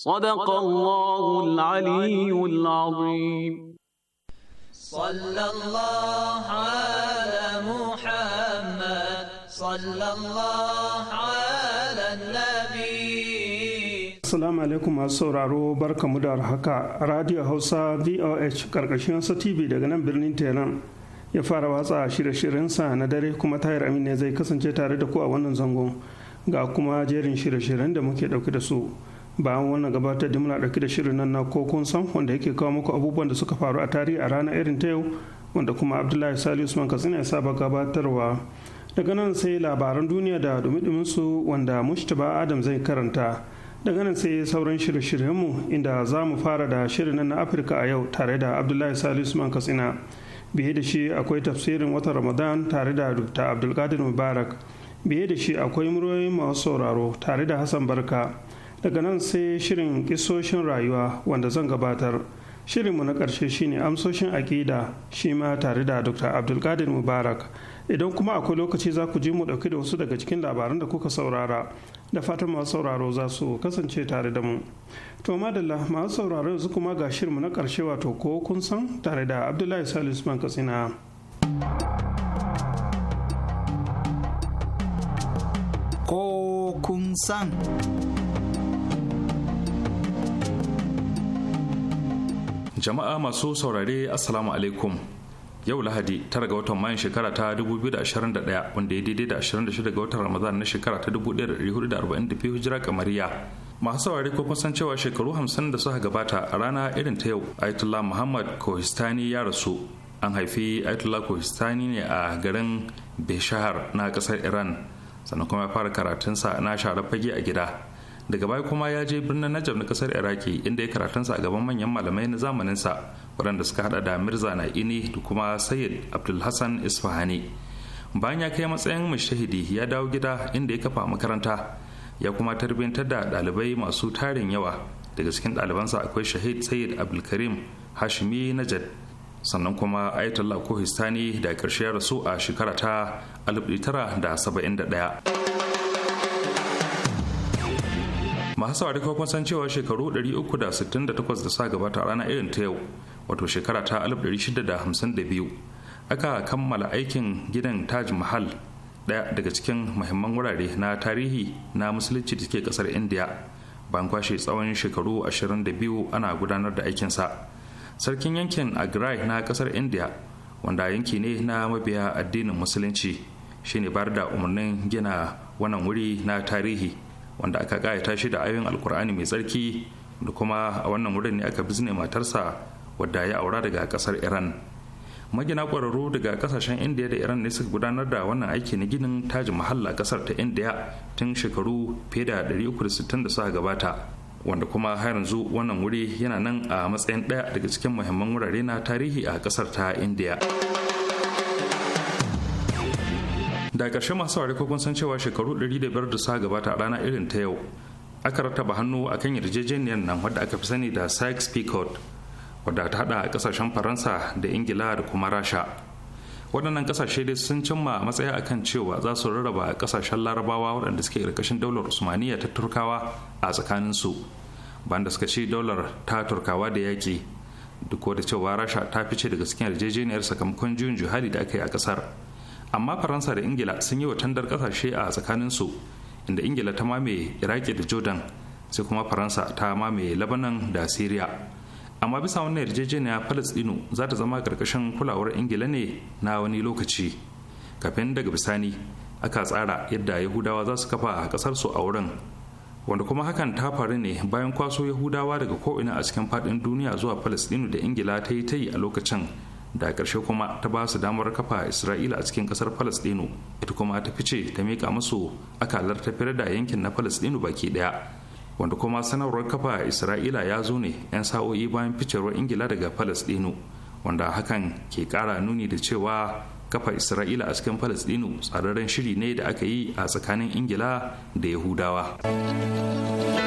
صدق الله العلي العظيم صلى الله على محمد صلى الله على النبي Assalamu alaikum masu sauraro barkamu da haka Radio Hausa VOH karkashin Hausa TV daga nan birnin Tehran ya fara watsa shirye-shiryensa na dare kuma tayar amin ne zai kasance tare da ku a wannan zangon ga kuma jerin shirye-shiryen da muke dauke da su. bayan wannan gabatar da muna ɗauki da shirin nan na ko kun san wanda yake kawo muku abubuwan da suka faru a tarihi a ranar irin ta yau wanda kuma abdullahi sali usman katsina ya saba gabatarwa daga nan sai labaran duniya da dumi su wanda mushtaba adam zai karanta daga nan sai sauran shirye-shiryenmu inda za mu fara da shirin nan na afirka a yau tare da abdullahi sali usman katsina biye da shi akwai tafsirin watan ramadan tare da dr abdulkadir mubarak biye da shi akwai muryoyin masu sauraro tare da hassan barka daga nan sai shirin kisoshin rayuwa wanda zan gabatar shirinmu na ƙarshe shine amsoshin aƙida shi ma tare da dr abdulkadir mubarak idan kuma akwai lokaci za ku ji mu ɗauki da wasu daga cikin labaran da kuka saurara da fatan masu sauraro za su kasance tare da mu to madalla masu sauraro yanzu kuma ga shirinmu na ƙarshe wato ko kun san tare da abdullahi salisu usman katsina ko kun san jama'a masu saurare assalamu alaikum yau lahadi tara ga watan mayan shekara ta 2021 wanda ya daidai da 26 ga watan ramadan na shekara ta 1442 hijira kamariya masu saurari ko kusan cewa shekaru 50 da suka gabata a rana irin ta yau ayatollah muhammad kohistani ya rasu an haifi ayatollah kohistani ne a garin beshahar na kasar iran sannan kuma ya fara karatunsa na share fage a gida daga baya kuma ya je birnin najab na kasar iraki inda ya karatunsa a gaban manyan malamai na zamaninsa waɗanda suka hada da mirza na ini da kuma sayyid abdulhassan isfahani bayan ya kai matsayin mashahidi ya dawo gida inda ya kafa makaranta ya kuma tarbiyyantar da ɗalibai masu tarin yawa daga cikin ɗalibansa akwai shahid sayyid abdulkarim hashimi najad sannan kuma ayatollah kohistani da ƙarshe ya rasu a shekara ta 1971 masu saurari kuma san cewa shekaru 368 da sa gabata rana irin ta yau wato shekara ta 1652 aka kammala aikin gidan taj mahal daya daga cikin muhimman wurare na tarihi na musulunci da ke kasar india bayan kwashe tsawon shekaru 22 ana gudanar da aikinsa sarkin yankin agrai na kasar india wanda yanki ne na mabiya addinin musulunci shine bar da umarnin gina wannan wuri na tarihi wanda aka gayata shi da ayoyin alkur'ani mai tsarki da kuma a wannan wurin ne aka bizne matarsa wadda ya aura daga kasar iran magina ƙwararru daga kasashen indiya da iran ne suka gudanar da wannan aiki na ginin taji a kasar ta indiya tun shekaru fiye da 360 da suka gabata wanda kuma har yanzu wannan wuri yana nan a matsayin ɗaya daga cikin muhimman wurare na tarihi a kasar ta indiya. da ƙarshe masu saurari ko kun san cewa shekaru 105 da sa gabata a rana irin ta yau aka rattaba hannu a kan yarjejeniyar nan wadda aka fi sani da sykes picot wadda ta hada kasashen faransa da ingila da kuma rasha waɗannan ƙasashe dai sun cimma a matsaya akan cewa za su rarraba a ƙasashen larabawa waɗanda suke ƙarƙashin daular usmaniya ta turkawa a tsakaninsu da suka ci daular ta turkawa da yaƙi duk da cewa rasha ta fice daga cikin yarjejeniyar sakamakon juyin juhari da aka yi a ƙasar amma faransa da ingila sun yi wa tandar kasashe a tsakanin su inda ingila ta mamaye iraki da jordan sai kuma faransa ta mamaye labanan da syria amma bisa wannan yarjejeniya dinu za ta zama karkashin kulawar ingila ne na wani lokaci kafin daga bisani aka tsara yadda yahudawa za su kafa a su a wurin wanda kuma hakan ta faru ne bayan kwaso yahudawa daga ko'ina a cikin faɗin duniya zuwa palestino da ingila ta yi ta yi a lokacin da ƙarshe kuma ta ba su damar kafa isra'ila a cikin ƙasar Falasɗinu, ita kuma ta fice ta miƙa musu akalar tafiyar da yankin na falastinu baki ɗaya wanda kuma sanarwar kafa isra'ila ya zo ne 'yan sa'o'i bayan ficewar ingila daga Falasɗinu, wanda hakan ke ƙara nuni da cewa kafa isra'ila a cikin falastinu tsararren shiri ne da aka yi a tsakanin ingila da yahudawa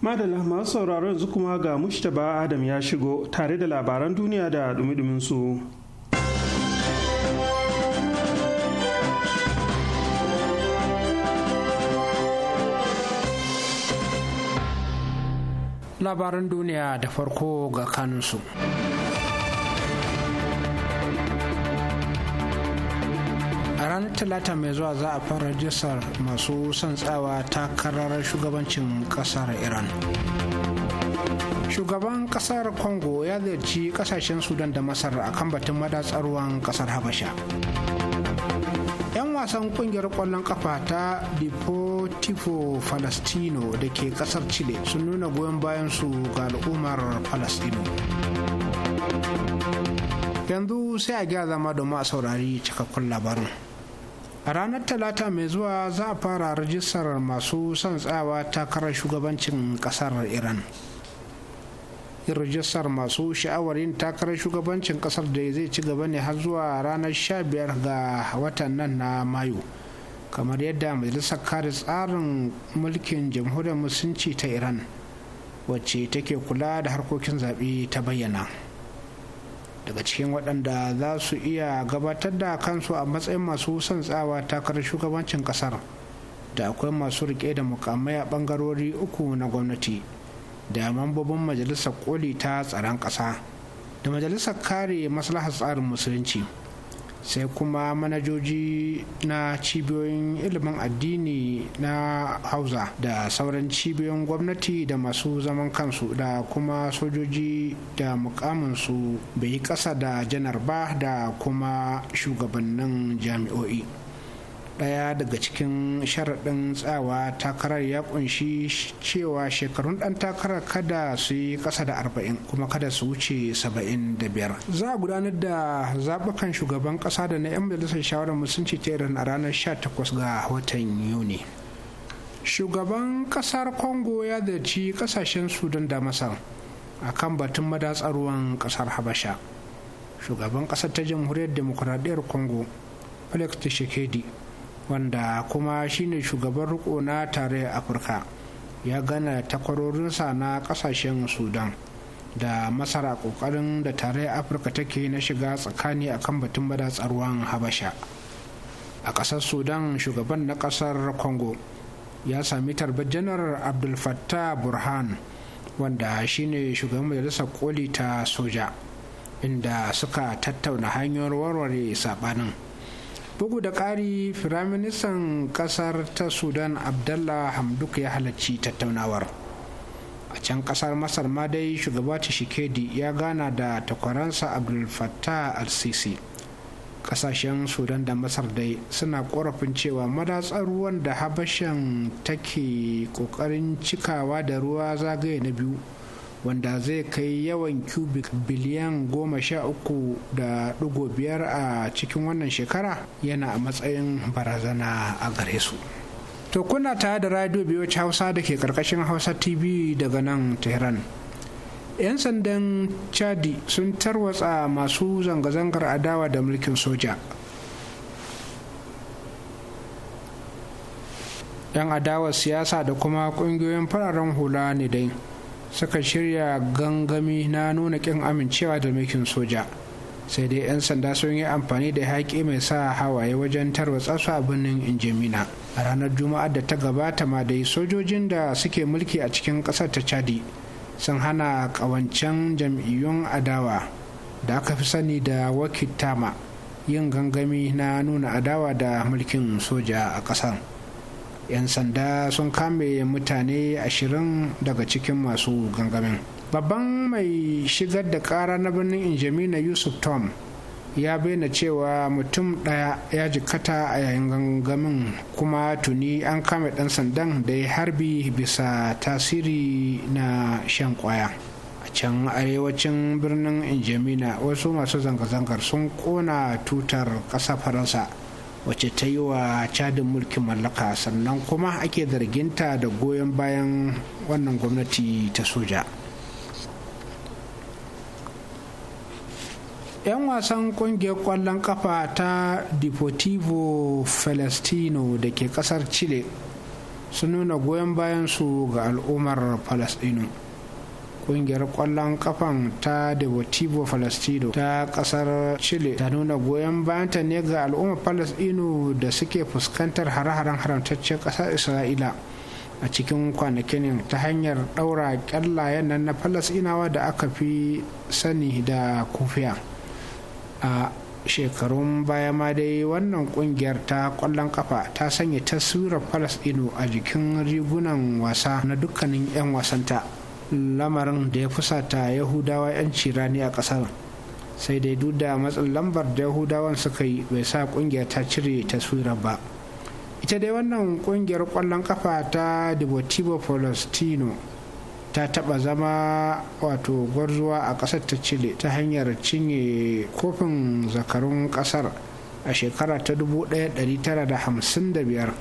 madalla masu sauraro yanzu kuma ga mushtaba adam ya shigo tare da labaran duniya da dumi su. labaran duniya da farko ga kanunsu. ranar talata mai zuwa za a fara rajistar masu son tsawa takarar shugabancin kasar iran shugaban kasar congo ya ziyarci kasashen sudan da masar a kan batun madatsar ruwan kasar habasha yan wasan kungiyar kwallon kafa ta deportivo palestino da ke kasar chile sun nuna goyon bayan su ga al'ummar palestino yanzu sai a gyara zama domin a saurari cikakkun labarin a ranar talata mai zuwa za a fara rajistar masu son tsawa takarar shugabancin kasar iran rajistar masu sha'awar yin takarar shugabancin kasar da zai ci gaba ne har zuwa ranar 15 ga watan nan na mayu kamar yadda majalisar kare tsarin mulkin jamhuriyar musulunci ta iran wacce take kula da harkokin zaɓe ta bayyana. daga cikin waɗanda za su iya gabatar da kansu a matsayin masu son tsawa takarar shugabancin ƙasar da akwai masu rike da mukamai a ɓangarori uku na gwamnati da mambobin majalisar koli ta tsaron ƙasa da majalisar kare maslahar tsarin musulunci sai kuma manajoji na cibiyoyin ilimin addini na hausa da sauran cibiyoyin gwamnati da masu zaman kansu da kuma sojoji da mukaminsu bai yi kasa da janar ba da kuma shugabannin jami'o'i Daya daga cikin sharaɗin tsawa takarar ya kunshi cewa shekarun ɗan takarar kada su yi ƙasa da arba'in kuma kada su wuce saba'in da biyar za a gudanar da zaɓukan shugaban ƙasa da na 'yan majalisar shawarar musulunci ta iran a ranar sha takwas ga watan yuni shugaban ƙasar congo ya zaci ƙasashen sudan da masar a kan batun madatsar ruwan ƙasar habasha shugaban ƙasar ta jamhuriyar demokuraɗiyar congo felix tshisekedi wanda kuma shine shugaban riko na tarayyar afirka ya gana takwarorinsa na kasashen sudan da masara kokarin da tarayyar afirka take na shiga tsakani a kan batun madatsar ruwan habasha a ƙasar sudan shugaban na ƙasar congo ya sami tarbar janar abdul fattah burhan wanda shine shugaban majalisar koli ta soja inda suka tattauna hanyar warware sabanin bugu da ƙari firaministan ƙasar ta sudan abdalla hamduk ya halarci tattaunawar a can ƙasar masar ma dai shugaba shikedi ya gana da takwaransa abdul fattah al-sisi Ƙasashen sudan da masar dai suna korafin cewa madatsar ruwan da habashan take ƙoƙarin cikawa da ruwa zagaye na biyu wanda zai kai yawan cubic biliyan goma sha uku da digo biyar a cikin wannan shekara yana a matsayin barazana a gare su to kuna tare da radio biyoci hausa da ke karkashin hausa tv daga nan tehran 'yan sandan chadi sun tarwatsa masu zanga-zangar adawa da mulkin soja yan adawar siyasa da kuma kungiyoyin fararen hula ne dai suka shirya gangami na nuna kin amincewa da mulkin soja sai dai 'yan sanda sun yi amfani da haƙi mai sa hawaye wajen tarwatsa su a birnin injimina a ranar juma'ar da ta gabata ma dai sojojin da suke mulki a cikin ƙasar ta chadi sun hana ƙawancen jam'iyyun adawa da aka fi sani da wakitama yin gangami na nuna adawa da mulkin soja a ƙasar. 'yan sanda sun kame mutane ashirin daga cikin masu gangamin babban mai shigar da kara na birnin injamina yusuf tom ya bayyana cewa mutum ɗaya ya jikata a yayin gangamin kuma tuni an kame ɗan sandan da ya harbi bisa tasiri na shan kwaya a can arewacin birnin injamina wasu masu zanga-zangar sun kona tutar ƙasa faransa wacce ta yi wa cadin mulkin mallaka sannan kuma ake zarginta da goyon bayan wannan gwamnati ta soja 'yan wasan kungiyar kwallon kafa ta deportivo Palestino da ke kasar chile sun nuna goyon bayansu ga al'ummar palestino kungiyar kwallon kafan ta deportivo Falastino. ta kasar chile ta nuna goyon bayanta ne ga al'ummar Falasɗinu da suke fuskantar hare-haren haramtaccen kasar isra'ila a cikin kwanakin ta hanyar ɗaura kyallayen nan na falastinawa da aka fi sani da kufiya a shekarun baya ma dai wannan kungiyar ta kwallon kafa ta sanya taswirar falasɗinu a jikin rigunan wasa na dukkanin 'yan wasanta lamarin da ya fusata yahudawa 'yanci rani a ƙasar sai dai duk da matsin lambar da yahudawan suka yi bai sa kungiyar ta cire taswirar ba ita dai wannan kungiyar ƙwallon kafa ta deportivo palestino ta taba zama wato gwarzuwa a ƙasar ta chile ta hanyar cinye kofin zakarun ƙasar a shekara ta 1955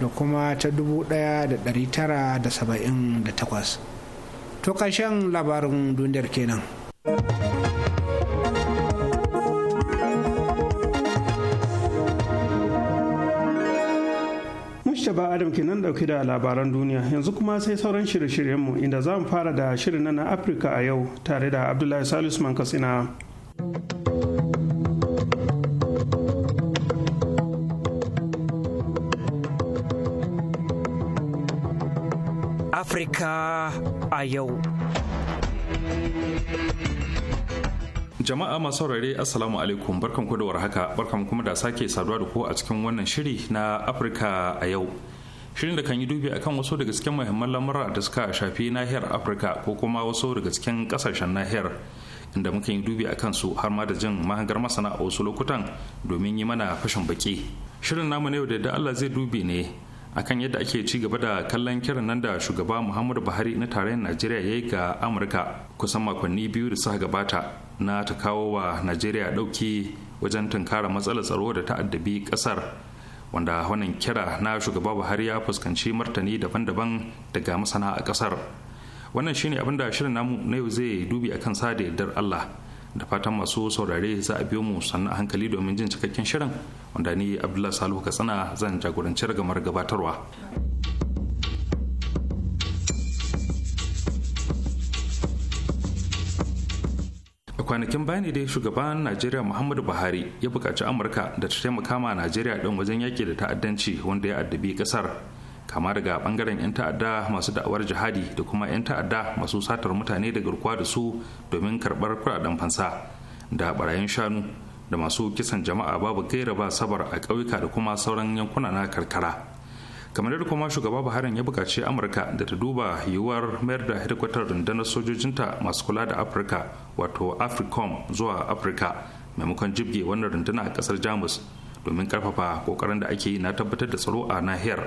da kuma ta 1978 to ƙarshen labarin duniyar kenan. Mustapha Adam kenan dauke da labaran duniya yanzu kuma sai sauran shirye-shiryenmu inda za mu fara da shirin na Afirka a yau tare da Abdullahi Salisu Mankasina. Afirka a yau. Jama'a masu saurare Assalamu alaikum barkan ku da warhaka barkan kuma da sake saduwa da ku a cikin wannan shiri na Afirka a yau. Shirin da kan yi dubi akan wasu daga cikin muhimman lamura da suka shafi nahiyar Afirka ko kuma wasu daga cikin kasashen nahiyar. inda muka yi dubi akan su har ma da jin mahangar masana a wasu lokutan domin yi mana fashin baki. Shirin namu na yau da Allah zai dubi ne akan yadda ake ci gaba da kallon kiran nan da shugaba muhammadu buhari na tarayyar najeriya ya yi ga amurka kusan makonni biyu da suka gabata na ta kawo wa najeriya ɗauki wajen tunkara matsalar tsaro da ta'addabi ƙasar wanda wannan kira na shugaba buhari ya fuskanci martani daban-daban daga masana a ƙasar wannan shine abin da shirin namu na yau zai dubi akan sa da yardar allah da fatan masu saurare za a biyo mu sannan hankali domin jin cikakken shirin wanda ni abdullahi salihu katsina zan jagoranci ragamar gabatarwa a kwanakin baya ne dai shugaban najeriya muhammadu buhari ya buƙaci amurka da ta taimaka ma najeriya ɗin wajen yaƙi da ta'addanci wanda ya addabi ƙasar kama daga bangaren 'yan ta'adda masu da'awar jihadi da kuma 'yan ta'adda masu satar mutane da garkuwa da su domin karɓar kuɗaɗen fansa da barayin shanu da masu kisan jama'a babu gaira ba sabar a ƙauyuka da kuma sauran yankuna na karkara kamar yadda kuma shugaba buharin ya buƙaci amurka da ta duba yiwuwar mayar da hedikwatar rundunar sojojinta masu kula da afirka wato africom zuwa afirka maimakon jibge wannan runduna a ƙasar jamus domin karfafa ƙoƙarin da ake yi na tabbatar da tsaro a nahiyar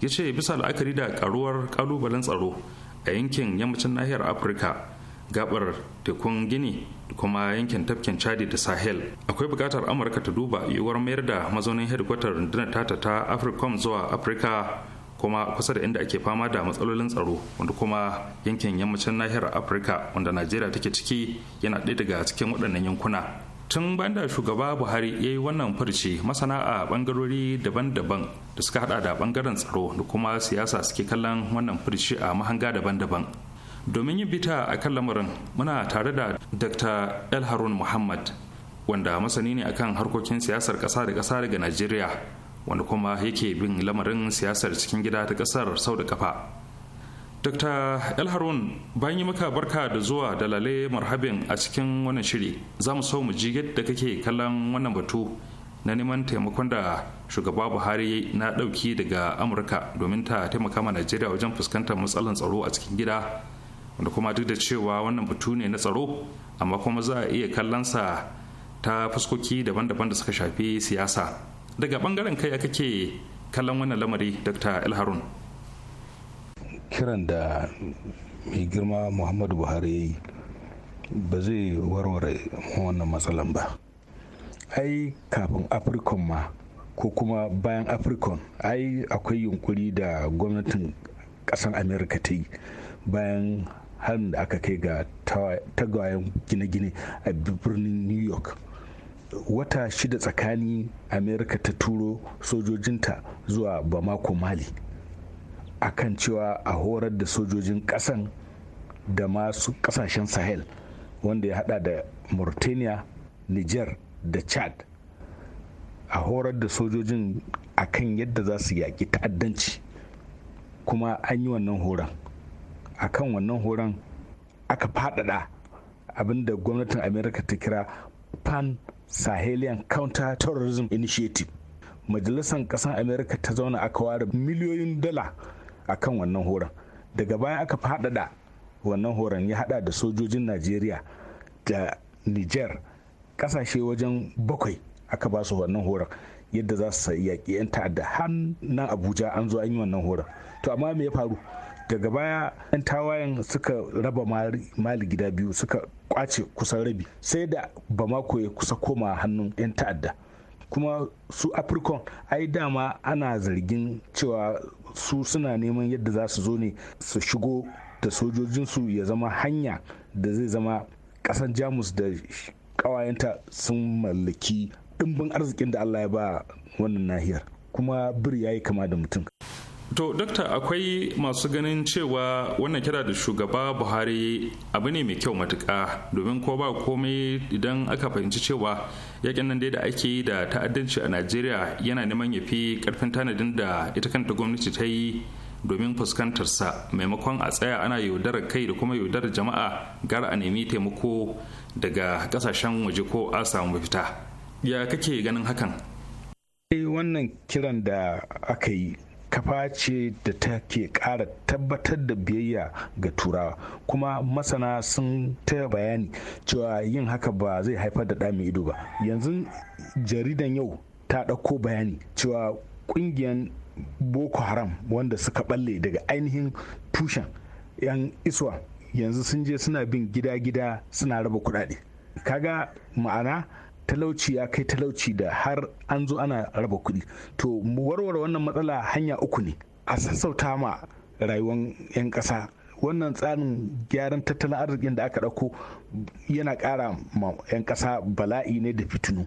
ya ce bisa la'akari da karuwar kalubalen tsaro a yankin yammacin nahiyar afirka gabar tekun gini kuma yankin tafkin chadi da sahel akwai bukatar amurka ta duba yiwuwar mayar da mazaunin hedikwatar rundunar tata ta africom zuwa afirka kuma kusa da inda ake fama da matsalolin tsaro wanda kuma yankin yammacin nahiyar afirka wanda najeriya take ciki yana ɗaya daga cikin waɗannan yankuna tun bayan da shugaba buhari ya yi wannan furci masana a bangarori daban-daban da suka hada da bangaren tsaro da kuma siyasa suke kallon wannan furci a mahanga daban-daban domin yin bita a kan lamarin muna tare da dr el harun muhammad wanda masani ne akan harkokin siyasar kasa da kasa daga najeriya wanda kuma yake bin lamarin siyasar cikin gida ta kasar sau da kafa dr el harun bayan yi maka barka da zuwa da lale marhabin a cikin wannan shiri za mu so mu ji yadda kake kallon wannan batu na neman taimakon da shugaba buhari na dauki daga amurka domin ta taimaka ma najeriya wajen fuskantar matsalar tsaro a cikin gida wanda kuma duk da cewa wannan batu ne na tsaro amma kuma za a iya kallonsa ta fuskoki daban-daban da suka shafi siyasa daga bangaren kai kake kallon wannan lamari dr el harun kiran da mai girma muhammadu buhari ya yi ba zai warware wannan matsalan ba ai kafin afirkon ma ko kuma bayan afirkon ai akwai yunkuri da gwamnatin kasan amerika ta yi bayan harin da aka kai ga tagwayen gine-gine a birnin new york wata shida tsakanin amerika ta turo sojojinta zuwa bamako mali akan cewa a horar da sojojin kasan da masu kasashen sahel wanda ya hada da mauritania niger da chad a horar da sojojin akan yadda za su yaƙi ta'addanci kuma an yi wannan horon akan wannan horon aka faɗaɗa abinda gwamnatin america ta kira pan sahelian counter terrorism initiative majalisar ƙasar america ta zauna aka ware miliyoyin dala akan wannan horon daga baya aka faɗaɗa wannan horon ya haɗa da sojojin najeriya da niger kasashe wajen bakwai aka ba su wannan horon yadda za su yaƙi 'yan ta'adda har nan abuja an zo an yi wannan horon to amma me ya faru daga baya 'yan tawayen suka raba mali gida biyu suka kwace kusan rabi sai da bamako ya kusa koma hannun 'yan ta'adda kuma su afirkon ai dama ana zargin cewa su suna neman yadda za su zo ne su shigo da sojojinsu ya zama hanya da zai zama kasan jamus da kawayenta sun mallaki ɗimbin arzikin da allah ya ba wannan nahiyar kuma bir ya yi kama da mutum To, dokta akwai masu ganin cewa wannan kira da shugaba Buhari abu ne mai kyau matuka domin ko ba komai idan aka fahimci cewa yakin nan dai da ake yi da ta'addanci a najeriya yana neman ya fi karfin tanadin da ita kanta gwamnati ta yi domin fuskantarsa maimakon a tsaya ana yaudarar kai da kuma yaudarar jama'a gara a nemi taimako daga kasashen waje ko a samu mafita ya kake ganin hakan wannan kiran da aka yi kafa ce da take ƙara tabbatar da biyayya ga turawa kuma masana sun ta bayani cewa yin haka ba zai haifar da ɗa ido ba yanzu jaridan yau ta ɗauko bayani cewa ƙungiyar boko haram wanda suka balle daga ainihin tushen 'yan iswa yanzu sun je suna bin gida-gida suna raba kuɗaɗe kaga ma'ana talauci ya kai talauci da har an zo ana raba kuɗi to mu warware wannan matsala hanya uku ne a sassauta ma rayuwar 'yan ƙasa wannan tsarin gyaran tattalin arzikin da aka ɗauko yana ƙara ma 'yan ƙasa bala'i ne da fitinu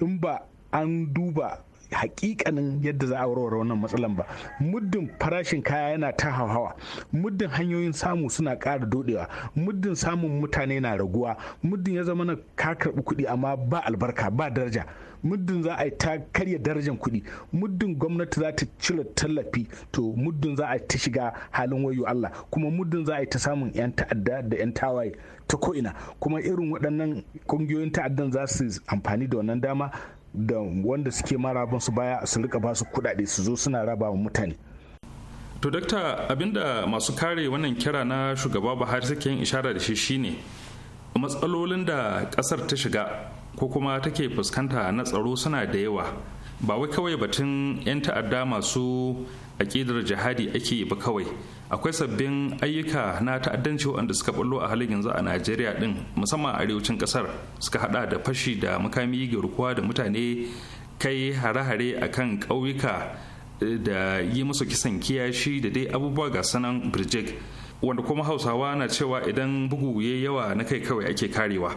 in ba an duba hakikanin yadda za a warware wannan matsalan ba muddin farashin kaya yana ta hauhawa muddin hanyoyin samu suna ƙara dodewa muddin samun mutane na raguwa muddin ya zama na ka karbi kuɗi amma ba albarka ba daraja muddin za a yi ta karya darajar kuɗi muddin gwamnati za ta cire tallafi to muddin za a yi ta shiga halin wayo Allah kuma muddin za a yi ta samun 'yan ta'adda da 'yan tawaye ta ko'ina kuma irin waɗannan ƙungiyoyin ta'addan za su amfani da wannan dama da wanda suke marabin su baya su rika ba su kuɗaɗe su zo suna raba wa mutane to dakta abinda masu kare wannan kira na shugaba buhari suke yin ishara da shi shine matsalolin da kasar ta shiga ko kuma take fuskanta na tsaro suna da yawa ba wai kawai batun 'yan ta'adda masu aƙidar jihadi ake yi ba kawai akwai sabbin ayyuka na ta'addanci waɗanda suka ɓallo a halin yanzu a najeriya ɗin musamman a arewacin ƙasar suka haɗa da fashi da makami garkuwa da mutane kai hare-hare a kan ƙauyuka eh, da yi musu kisan kiyashi da dai abubuwa ga sanan birjik wanda kuma hausawa na cewa idan bugu ya yawa na kai kawai ake karewa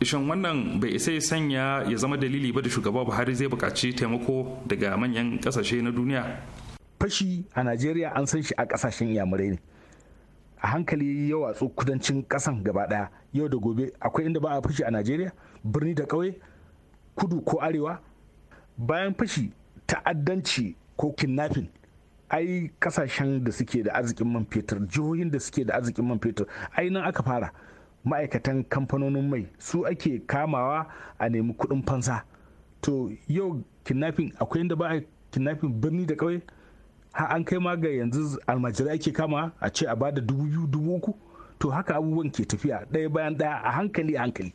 ishin wannan bai isa ya sanya ya zama dalili ba da shugaba buhari zai buƙaci taimako daga manyan ƙasashe na duniya fashi a najeriya an san shi a kasashen iyamurai ne a hankali ya watsu kudancin kasan gaba daya yau da gobe akwai inda ba a fashi a najeriya birni da ƙauye kudu ko arewa bayan fashi ta'addanci ko kidnapping ai kasashen da suke da arzikin man fetur jihohin da suke da arzikin man fetur ai nan aka fara ma'aikatan kamfanonin mai su ake kamawa a nemi kudin fansa to yau kidnapping akwai inda ba a kidnapping birni da ƙauye har an kai ma ga yanzu almajirai ake kama a ce a bada dubu biyu dubu uku to haka abubuwan ke tafiya ɗaya bayan ɗaya a hankali a hankali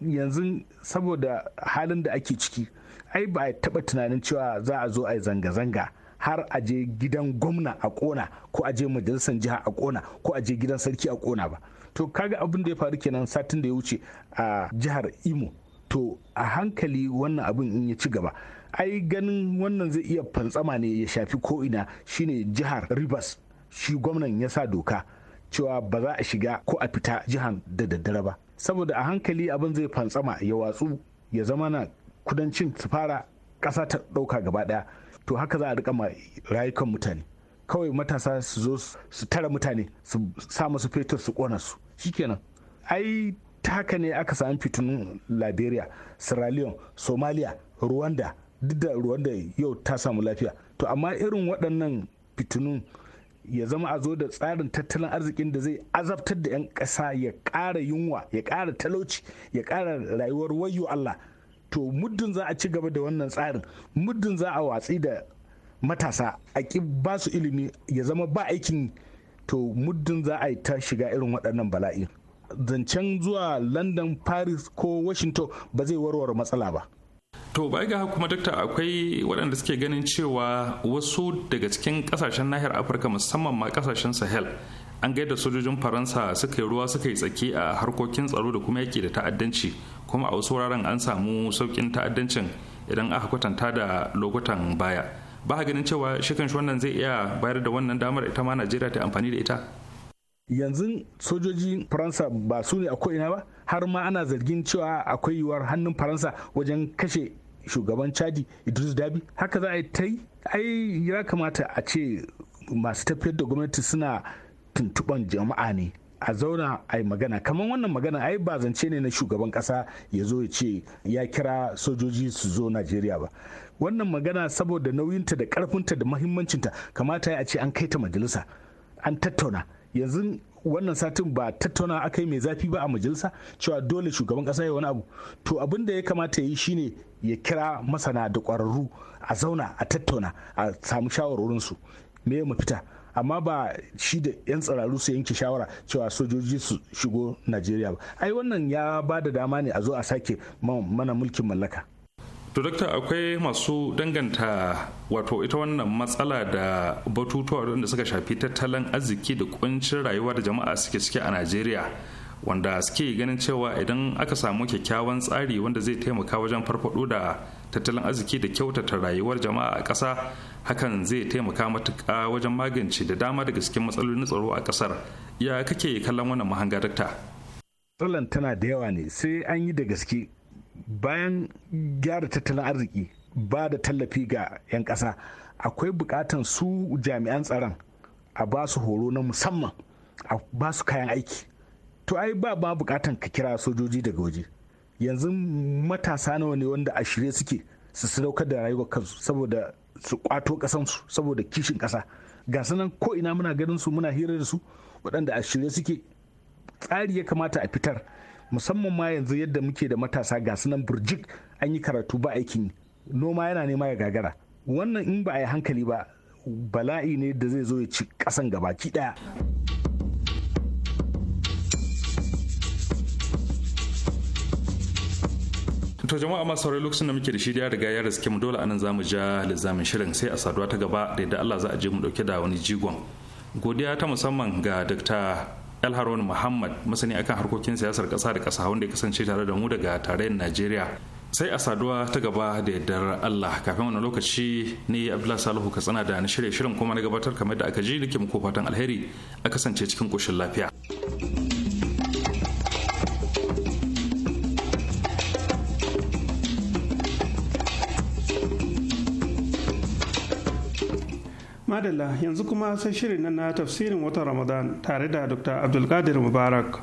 yanzu saboda halin da ake ciki ai ba a taɓa tunanin cewa za a zo a yi zanga-zanga har a je gidan gwamna a ƙona ko a je majalisar jiha a ƙona ko a je gidan sarki a ƙona ba to kaga abin da ya faru kenan satin da ya wuce a jihar imo to a hankali wannan abin in ya ci gaba ai ganin wannan zai iya fantsama ne ya shafi ko'ina shine jihar rivers shi gwamnan ya sa doka cewa ba za a shiga ko a fita jihar da daddare ba saboda a hankali abin zai fantsama ya watsu ya zama na kudancin su fara ƙasa ta ɗauka gaba daya, to haka za a rika rayukan mutane kawai matasa su zo su tara mutane su sa masu fetur su kona su shikenan ai ta haka ne aka sami fitinin liberia sierra leone somalia rwanda duk da ruwan da yau ta samu lafiya to amma irin waɗannan fitinun ya zama a zo da tsarin tattalin arzikin da zai azabtar da 'yan ƙasa ya ƙara yunwa ya ƙara talauci ya ƙara rayuwar wayo Allah to muddin za a ci gaba da wannan tsarin muddin za a watsi da matasa a ƙi ba su ilimi ya zama ba aikin to muddin za a yi ta shiga irin waɗannan bala'i zancen zuwa london paris ko washington ba zai warware matsala ba to bai ga kuma dakta akwai waɗanda suke ganin cewa wasu daga cikin kasashen nahiyar afirka musamman ma kasashen sahel an gaida sojojin faransa suka yi ruwa suka yi tsaki a harkokin tsaro da kuma yaki da ta'addanci kuma a wasu wuraren an samu saukin ta'addancin idan aka kwatanta da lokutan baya ba ganin cewa shi kan wannan zai iya bayar da wannan damar ita ma najeriya ta amfani da ita yanzu sojoji faransa ba su ne a ko'ina ba har ma ana zargin cewa akwai yiwuwar hannun faransa wajen kashe shugaban chadi idris dabi haka za a yi ta yi ai ya kamata a ce masu tafiyar da gwamnati suna tuntuban jama'a ne a zauna a yi magana kamar wannan magana ai ba zance ne na shugaban kasa ya zo ya ce ya kira sojoji su zo najeriya ba wannan magana saboda nauyinta da karfinta da mahimmancinta kamata a ce an kai ta majalisa an tattauna yanzu wannan satin ba tattauna aka yi mai zafi ba a majalisa cewa dole shugaban kasa ya wani abu to abin da ya kamata ya yi shine ya kira masana da ƙwararru a zauna a tattauna a samu su me mafita amma ba shi da 'yan tsararru su yanke shawara cewa sojoji su shigo najeriya ba ai wannan ya ba da dama ne a zo a sake mana mulkin mallaka to dokta akwai masu danganta wato ita wannan matsala da batutuwa wadanda suka shafi tattalin arziki da kuncin rayuwa da jama'a suke ciki a najeriya wanda suke ganin cewa idan aka samu kyakkyawan tsari wanda zai taimaka wajen farfado da tattalin arziki da kyautata rayuwar jama'a a ƙasa hakan zai taimaka matuƙa wajen magance da dama daga cikin matsalolin tsaro a ƙasar ya kake kallon wannan mahanga dakta tana da yawa ne sai an yi da gaske bayan gyara tattalin arziki ba da tallafi ga 'yan ƙasa akwai bukatan su jami'an tsaron a ba su horo na musamman a ba su kayan aiki to ai ba ba bukatan ka kira sojoji daga waje yanzu matasa nawa ne wanda a shirye suke su sadaukar da rayuwar kansu saboda su kwato kasansu saboda kishin ƙasa? ga sanan ko ina muna ganin su muna hira da su waɗanda a shirye suke tsari ya kamata a fitar musamman ma yanzu yadda muke da matasa ga sunan burjik an yi karatu ba aikin noma yana nema ya gagara wannan in ba a yi hankali ba bala'i ne da zai zo ya ci kasan gabaki daya to jama'a masu saurayi lokacin da muke da shi ya riga ya riske mu dole anan zamu ja lizamin shirin sai a saduwa ta gaba da yadda Allah za a je mu dauke da wani jigon godiya ta musamman ga Dr. el muhammad masani akan harkokin siyasar kasa da kasa wanda ya kasance tare da mu daga tarayyar najeriya sai a saduwa ta gaba da yardar allah kafin wani lokaci ne abdullahi salihu ka tsana da na shirye shirin kuma na gabatar kamar da aka ji nake muku fatan alheri a kasance cikin koshin lafiya madalla yanzu kuma sai shirin na tafsirin watan ramadan tare da dr abdulkadir mubarak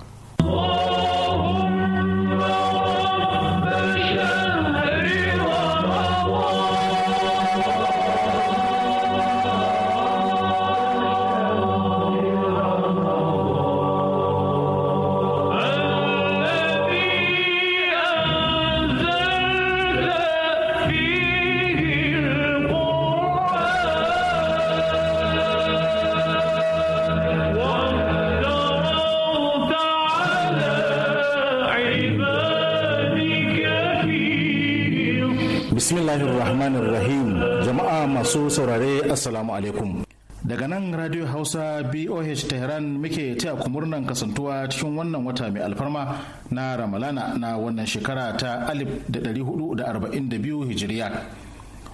masu saurare assalamu alaikum daga nan radio hausa boh tehran muke taya ku murnan kasantuwa cikin wannan wata mai alfarma na ramalana na wannan shekara ta 1442 hijiriya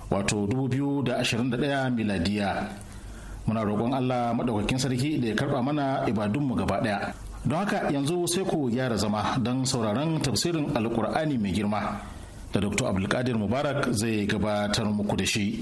wato 2021 miladiya muna roƙon allah maɗaukakin sarki da ya karɓa mana ibadunmu gaba ɗaya don haka yanzu sai ku gyara zama don sauraron tafsirin Alƙur'ani mai girma da dr abdulkadir mubarak zai gabatar muku da shi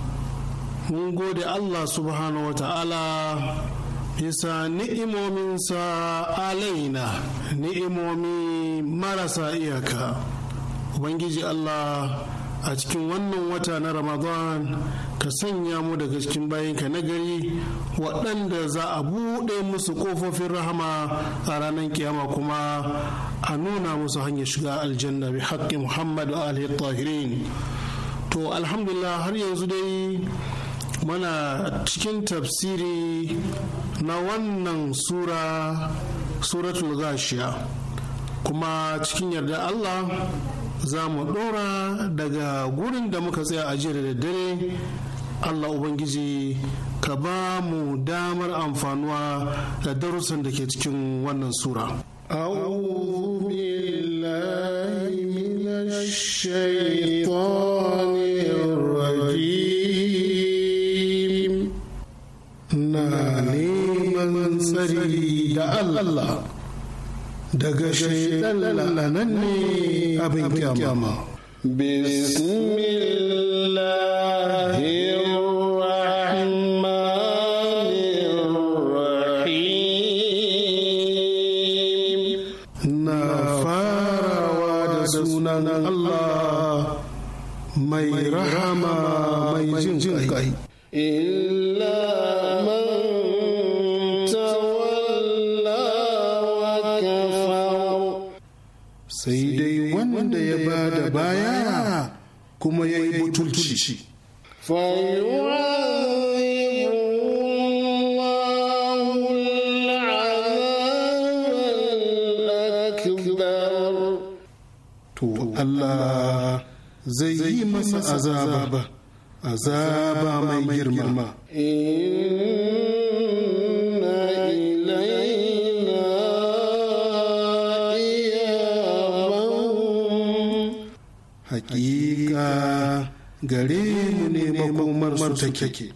mun gode Allah subhanahu wa ta'ala bisa ni'imominsa alaina ni'imomi marasa iyaka ubangiji Allah a cikin wannan wata na ramadan ka sanya mu daga cikin bayanka na gari waɗanda za a buɗe musu ƙofofin rahama a ranar kiyama kuma a nuna musu hanyar shiga aljanna bi haƙƙi muhammadu alihi tahirin to alhamdulillah har yanzu dai mana cikin tafsiri na wannan sura suratul gashiya kuma cikin yarda Allah za mu ɗora daga gurin da muka tsaya a jiya da dare Allah Ubangiji ka ba mu damar amfanuwa da darussan da ke cikin wannan sura. أعوذ بالله من الشيطان Allah daga shaidan lalanan ne abin kyama. sunan Allah mai rahama mai jin kai. da baya kuma ya yi mutunci To Allah zai yi masa azaba, azaba mai girma. gare mu ne makomarsu take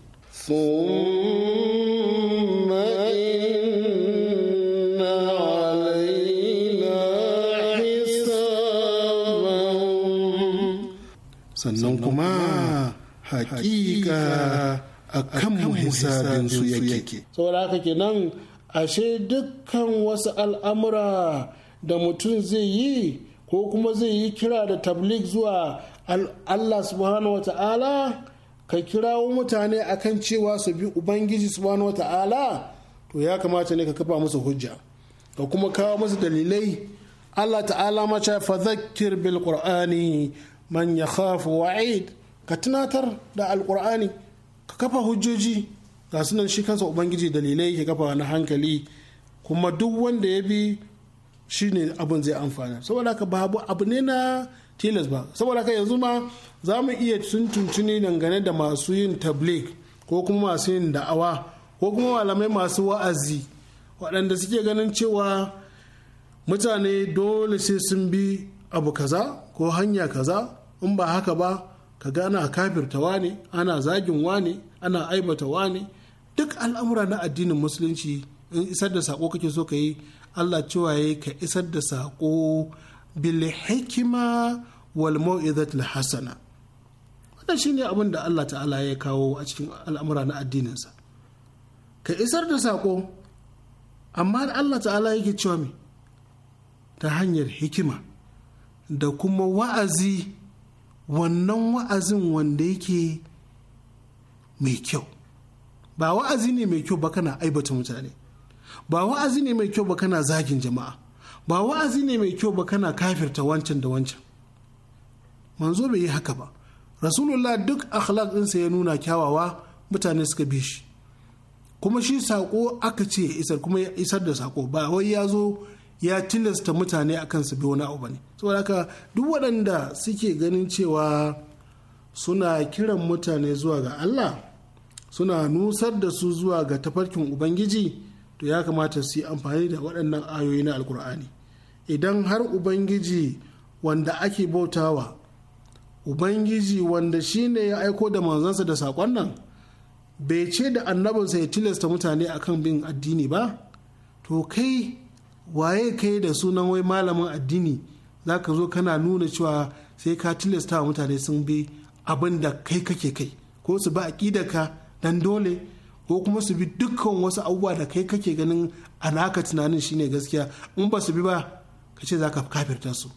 sannan kuma hakika a kanmu yake saboda haka kenan ashe dukkan wasu al'amura da mutum zai yi ko kuma zai yi kira da tablik zuwa allah subhanahu wa ta'ala ka kirawo mutane akan cewa su bi ubangiji subhanahu wa ta'ala to ya kamata ne ka kafa musu hujja ka kuma kawo musu dalilai allah ta'ala mace fadhakkir bil qur'ani man yakhafu wa'id ka tunatar da alqur'ani ka kafa hujjoji ga sunan shi kansa ubangiji dalilai ke kafa na hankali kuma duk wanda ya bi shine abin zai amfana saboda haka babu abu ne na tilas ba saboda haka yanzu ma za mu iya tuntuni dangane da masu yin tablik ko kuma masu yin da'awa ko kuma malamai masu wa'azi waɗanda suke ganin cewa mutane dole sai sun bi abu kaza ko hanya kaza in ba haka ba ka gana kafirta ne ana zagin wane ana aibata ne duk al'amura na addinin musulunci in isar da sako kake so ka yi allah cewa ya ka isar da sako Bilhikima hikima wal mau'izatil wannan shine abin da Allah ta'ala ya kawo a cikin al'amura na addininsa ka isar da saƙo amma Allah ta'ala yake cewa me ta hanyar hikima da kuma wa'azi wannan wa'azin wanda yake mai kyau ba wa'azi ne mai kyau ba kana aibata mutane ba wa'azi ne mai kyau ba kana zagin jama'a ba wa'azi ne mai kyau ba kana kafirta wancan da wancan manzo bai yi haka ba rasulullah duk akhlaq ɗinsa ya nuna kyawawa mutane suka bi shi kuma shi sako aka ce isar kuma ya isar da sako ba wai ya zo ya tilasta mutane akan su bi wani abu bane saboda haka duk waɗanda suke ganin cewa suna kiran mutane zuwa ga Allah suna nusar da su zuwa ga tafarkin ubangiji to ya kamata su yi amfani da waɗannan ayoyi na alkur'ani idan har ubangiji wanda ake bautawa ubangiji wanda shi ne ya aiko da manzansa da saƙon nan bai ce da annabinsa ya tilasta mutane a kan bin addini ba to kai waye kai da sunan wai malamin addini za ka zo kana nuna cewa sai ka tilasta mutane sun bi abin da kai kake kai ko su ba a aƙidaka dan dole ko kuma su bi dukkan wasu abubuwa da kai kake ganin a naka tunanin shine gaskiya in ba su bi ba ka ce za ka kafirta su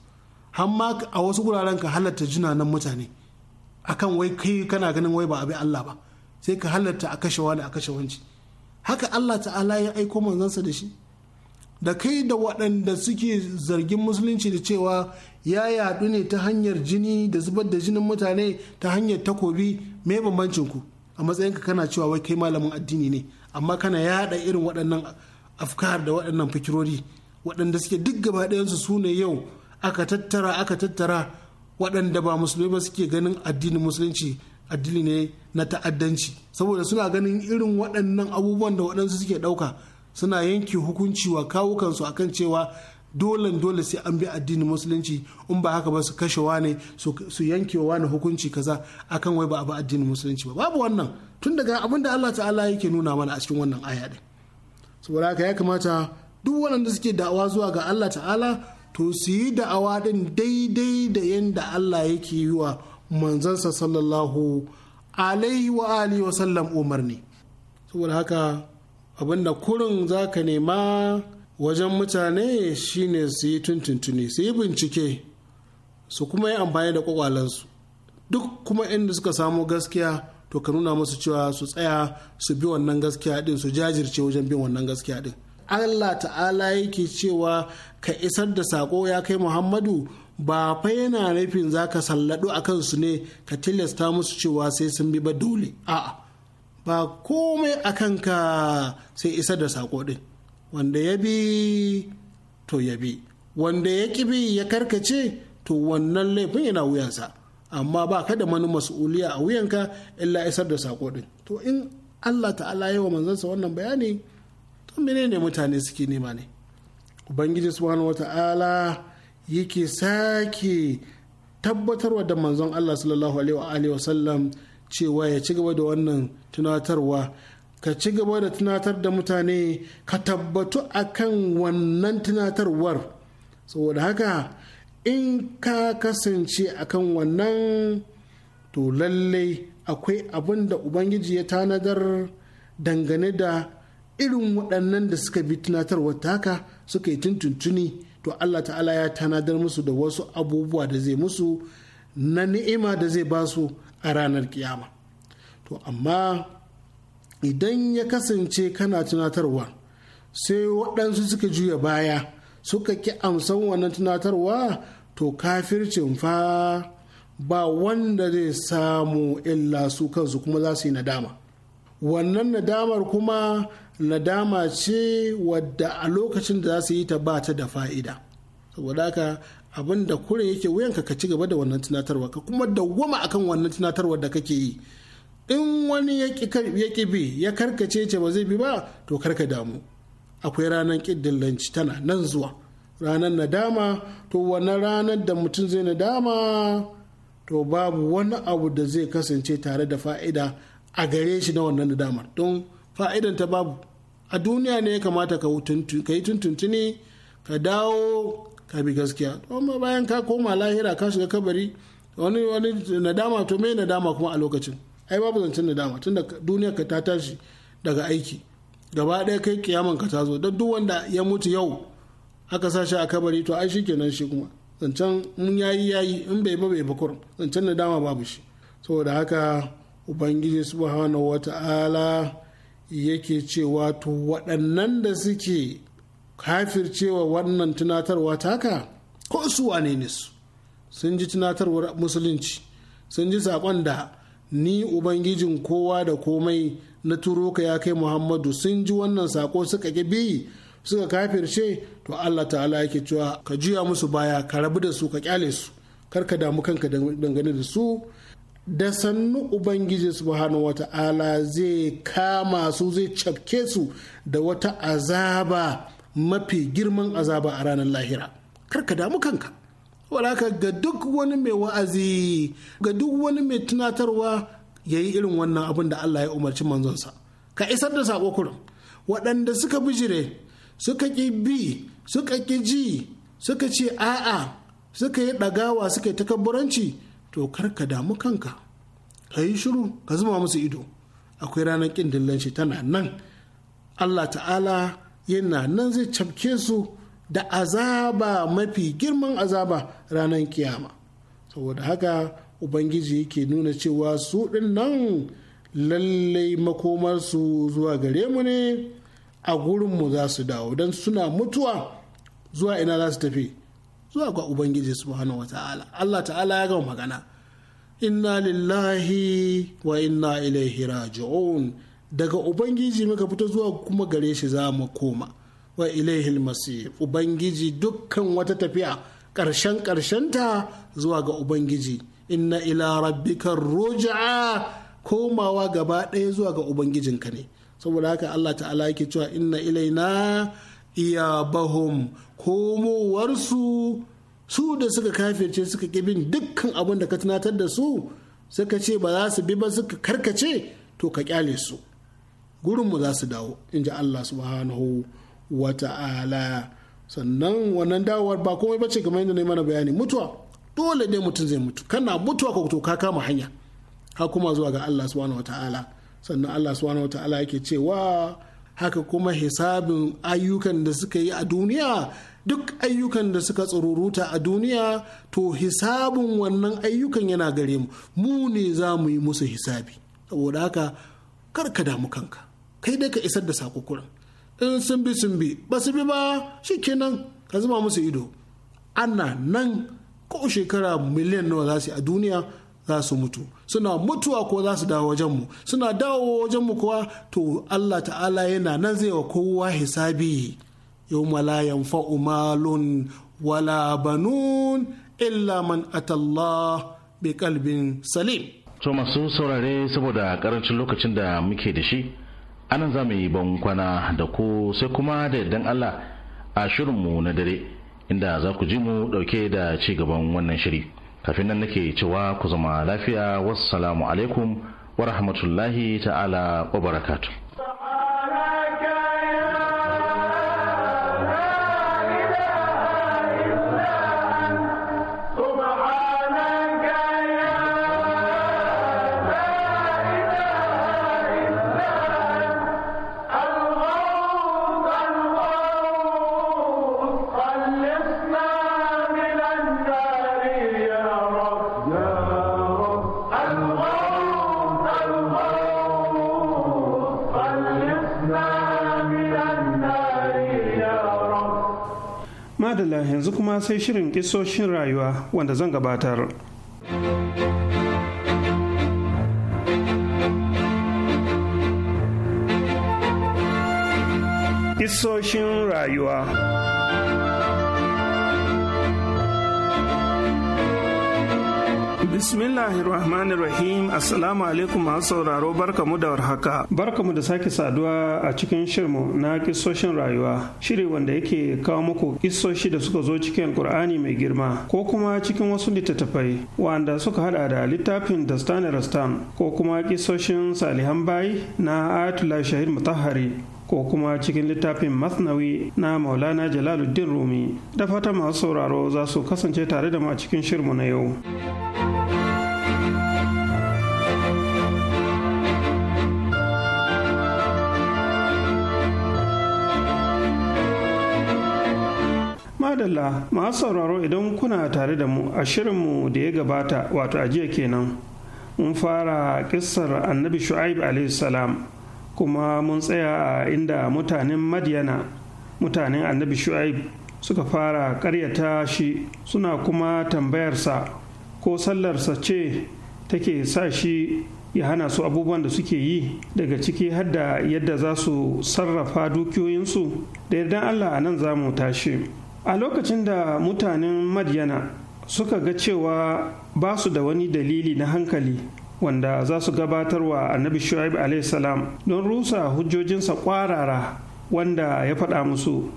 ma a wasu wuraren ka halatta nan mutane akan wai kai kana ganin wai ba abin Allah ba sai ka halatta a kashe wani a kashe wanci haka Allah ta'ala ya aiko manzansa da shi da kai da waɗanda suke zargin musulunci da cewa ya yaɗu ne ta hanyar jini da zubar da jinin mutane ta hanyar takobi me bambancin ku a matsayinka kana cewa wai kai malamin addini ne amma kana yada irin waɗannan afkar da waɗannan fikirori waɗanda suke duk gaba ɗayansu su ne yau aka tattara aka tattara waɗanda ba musulmi ba suke ganin addinin musulunci addini ne na ta'addanci saboda suna ganin irin waɗannan abubuwan da waɗansu suke ɗauka suna yanke hukunci wa kawukansu akan cewa dole dole sai an bi addinin musulunci in ba haka ba su kashe wane su yanke wane hukunci kaza akan wai ba a bi addinin musulunci ba babu wannan tun daga abin da Allah ta'ala yake nuna mana a cikin wannan aya din saboda haka ya kamata duk waɗanda suke da'awa zuwa ga Allah ta'ala to su yi da'awa din daidai da yadda Allah yake yi wa manzansa sallallahu alaihi wa alihi wa sallam umarni saboda haka abinda kurin zaka nema wajen mutane shine su yi tuntuntuni su yi bincike su kuma yi amfani da kwakwalansu duk kuma inda suka samu gaskiya to ka nuna musu cewa su tsaya su bi wannan gaskiya din su jajirce wajen bin wannan gaskiya din Allah ta'ala yake cewa ka isar da sako ya kai Muhammadu ba fa yana nufin za ka salladu a kansu ne ka tilasta musu cewa sai sun bi ba dole a'a ba komai a kanka sai isar da sako din wanda ya bi to ya bi wanda ya ƙi bi ya karkace to wannan laifin yana wuyansa amma ba ka da mani mas'uliya a wuyanka illa isar da sako din to in Allah ta'ala ya wa manzansa wannan bayani to menene mutane suke nema ne ubangiji subhanahu wata'ala yake sake tabbatarwa da manzon Allah sallallahu alaihi wa sallam cewa ya ci gaba da wannan tunatarwa ka ci gaba da tunatar da mutane ka tabbatu a kan wannan tunatarwar saboda haka in ka kasance a kan wannan to lallai akwai abin da ubangiji ya tanadar dangane da irin waɗannan da suka bi tunatarwar haka suka yi tuntuntuni to allah ta'ala ya tanadar musu da wasu abubuwa da zai musu na ni'ima da zai basu a ranar kiyama to amma idan ya kasance kana tunatarwa sai waɗansu suka juya baya suka ki amsan wannan tunatarwa to kafircin fa ba wanda zai samu illa su kansu kuma za su yi nadama wannan nadamar kuma nadama ce wadda a lokacin da za su yi ta ba ta da fa'ida saboda haka abin da kurin yake wuyanka ka ci gaba da wannan tunatarwa ka kuma dawwama akan wannan tunatarwar da kake yi in wani ya ƙi bi ya karkace ce ba zai bi ba to karka damu akwai ranar lanci tana nan zuwa ranar nadama to wani ranar da mutum zai nadama to babu wani abu da zai kasance tare da fa'ida a gare shi na wannan nadamar don fa'idan ta babu a duniya ne ya kamata ka yi tuntuntuni ka dawo ka bi gaskiya amma bayan ka koma lahira ka shiga kabari wani nadama to me nadama kuma a lokacin ai babu zancen da dama tunda duniya ka ta tashi daga aiki gaba ɗaya kai kiyaman ka ta zo don duk wanda ya mutu yau aka sa shi a kabari to ai shikenan shi kuma zancen mun yayi yayi in bai ba bai zancen da dama babu shi saboda haka ubangiji subhanahu wata'ala yake cewa to waɗannan da suke kafircewa wannan tunatarwa ta haka ko su wane ne su sun ji tunatarwar musulunci sun ji saƙon da ni ubangijin kowa da komai na turo ka ya kai muhammadu sun ji wannan sako suka ƙi bi suka kafirce to allah ta'ala yake cewa ka juya musu baya ka rabu da su ka kyale su kar ka damu kanka dangane da su da sannu ubangiji subhanahu ala zai kama su zai cafke su da wata azaba mafi girman azaba a ranar lahira kar ka damu kanka walaka ga duk wani mai wa'azi ga duk wani mai tunatarwa ya yi irin wannan abin da Allah ya umarci manzonsa ka isar da sako kurin waɗanda suka bijire suka ƙi bi suka ƙi ji suka ce a'a suka yi ɗagawa suka yi takabburanci to kar ka damu kanka ka yi shiru ka zuma musu ido akwai ranar ƙin dillanci tana nan Allah ta'ala yana nan zai cafke su da azaba mafi girman azaba ranar kiyama saboda haka ubangiji yake nuna cewa su ɗin nan lallai makomarsu zuwa gare mu ne a gurinmu za su dawo don suna mutuwa zuwa ina za su tafi zuwa ga ubangiji subhanahu wata'ala allah ta'ala ya gama magana inna lillahi wa inna ilaihi raji'un daga ubangiji muka fito zuwa kuma gare shi za mu koma wa ilaihil masih ubangiji dukkan wata tafiya karshen ƙarshenta zuwa ga ubangiji inna ila rabbika ruj'a komawa gaba ɗaya zuwa ga ubangijinka ne saboda haka Allah ta'ala yake cewa inna ilaina iyabahum komowarsu su da suka kafirce suka bin dukkan abin da ka tunatar da su suka ce ba za su bi ba suka karkace to ka kyale su gurinmu za su dawo in ji Allah subhanahu wata'ala sannan wannan dawowar ba komai bace kamar yadda na yi mana bayani mutuwa dole ne mutum zai mutu kana mutuwa ka to ka kama hanya ha kuma zuwa ga Allah subhanahu wa ta'ala sannan Allah subhanahu wa ta'ala yake cewa haka kuma hisabin ayyukan da suka yi a duniya duk ayyukan da suka tsururuta a duniya to hisabin wannan ayyukan yana gare mu mu ne za mu yi musu hisabi saboda haka kar ka damu kanka kai dai ka isar da sako in sun bi sun bi ba su bi ba shi kenan ka zuma musu ido ana nan ko shekara miliyan nawa za su a duniya za su mutu suna mutuwa ko za su dawo mu suna dawo wajen mu kuwa to Allah ta'ala yana nan zai wa kowa hisabi yau la yanfa'u malun wala banun illa man atallah bi kalbin salim to masu saurare saboda karancin lokacin da muke da shi anan za mu yi bankwana da ku sai kuma da yardan Allah a shirinmu na dare inda za ku ji mu dauke da ci gaban wannan shiri kafin nan nake cewa ku zama lafiya wassalamu alaikum wa rahmatullahi ta'ala wa barakatuh sai shirin kisoshin rayuwa wanda zan gabatar. Kisoshin rayuwa Bismillahirrahmanirrahim Assalamu alaikum masu sauraro barkamu da warhaka. Barkamu da sake saduwa a cikin shirmu na kisoshin rayuwa, shiri wanda yake kawo muku kisoshi da suka zo cikin Alkur'ani mai girma ko kuma cikin wasu littattafai wanda suka hada da littafin Dastani Rastam ko kuma kisoshin Salihan Bayi na Atula Shahid Mutahari ko kuma cikin littafin masnawi na maulana jalaluddin rumi da fata masu sauraro za su kasance tare da mu a cikin shirmu na yau madalla masu sauraro idan kuna tare da mu a shirinmu da ya gabata wato ajiya kenan mun fara kissar annabi shu'aib alaihi kuma mun tsaya a inda mutanen madiyana mutanen annabi shu'aib suka fara karyata shi suna kuma tambayarsa ko sallarsa ce take sa shi ya hana su abubuwan da suke yi daga ciki hadda yadda za su sarrafa dukiyoyinsu da yardan allah a nan za mu tashi a lokacin da mutanen madiyana suka ga cewa ba su da wani dalili na hankali wanda za su gabatarwa annabi shu'aib salam don rusa hujjojinsa kwarara wanda ya faɗa musu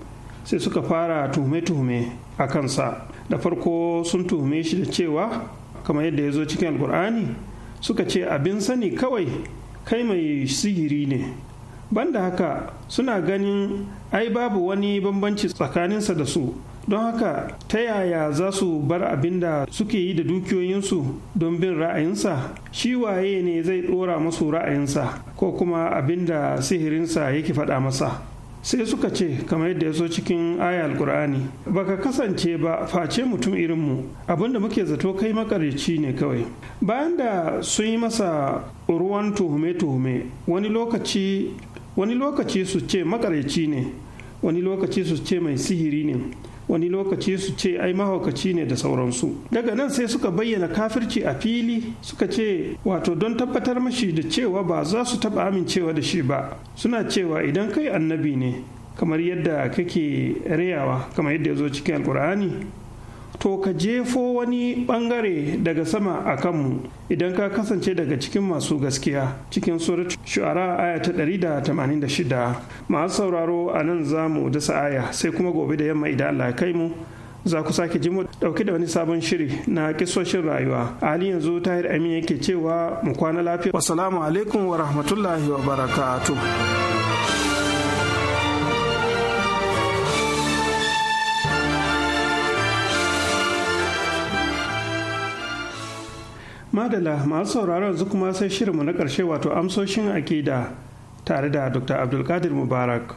sai suka fara tuhume-tuhume a kansa da farko sun tuhume shi da cewa kamar yadda ya zo cikin alkur'ani suka ce abin sani kawai kai mai sihiri ne banda haka suna ganin ai babu wani bambanci tsakaninsa da su don haka ta yaya za su bar abin da suke yi da dukiyoyinsu don bin ra'ayinsa shi waye ne zai ɗora masu ra'ayinsa ko kuma abin da sihirinsa yake faɗa masa sai suka ce kamar yadda ya so cikin aya alkur'ani Ba ka kasance ba face mutum irinmu abinda muke zato kai makarici ne kawai bayan da sun yi masa ruwan tuhume-tuhume wani lokaci wani lokaci su ce makarici ne wani lokaci su ce mai sihiri ne wani lokaci su ce ai mahaukaci ne da sauransu daga nan sai suka bayyana kafirci a fili suka ce wato don tabbatar mashi da cewa ba za su taba amincewa da shi ba suna cewa idan kai annabi ne kamar yadda kake rayawa kamar yadda ya zo cikin alkur'ani to ka jefo wani bangare daga sama a kanmu idan ka kasance daga cikin masu gaskiya cikin surat shu'ara aya ta da 186 masu sauraro a nan za mu dasa aya sai kuma gobe da yamma idan Allah kai mu za ku sake ji mu dauke da wani sabon shiri na kisoshin rayuwa hali yanzu tahir amin yake cewa mu kwana lafiya wasalamu alaikum wa rahmatullahi wa barakatuh madala masu sauraron yanzu kuma sai shirinmu na ƙarshe wato amsoshin akida tare da dr abdulkadir mubarak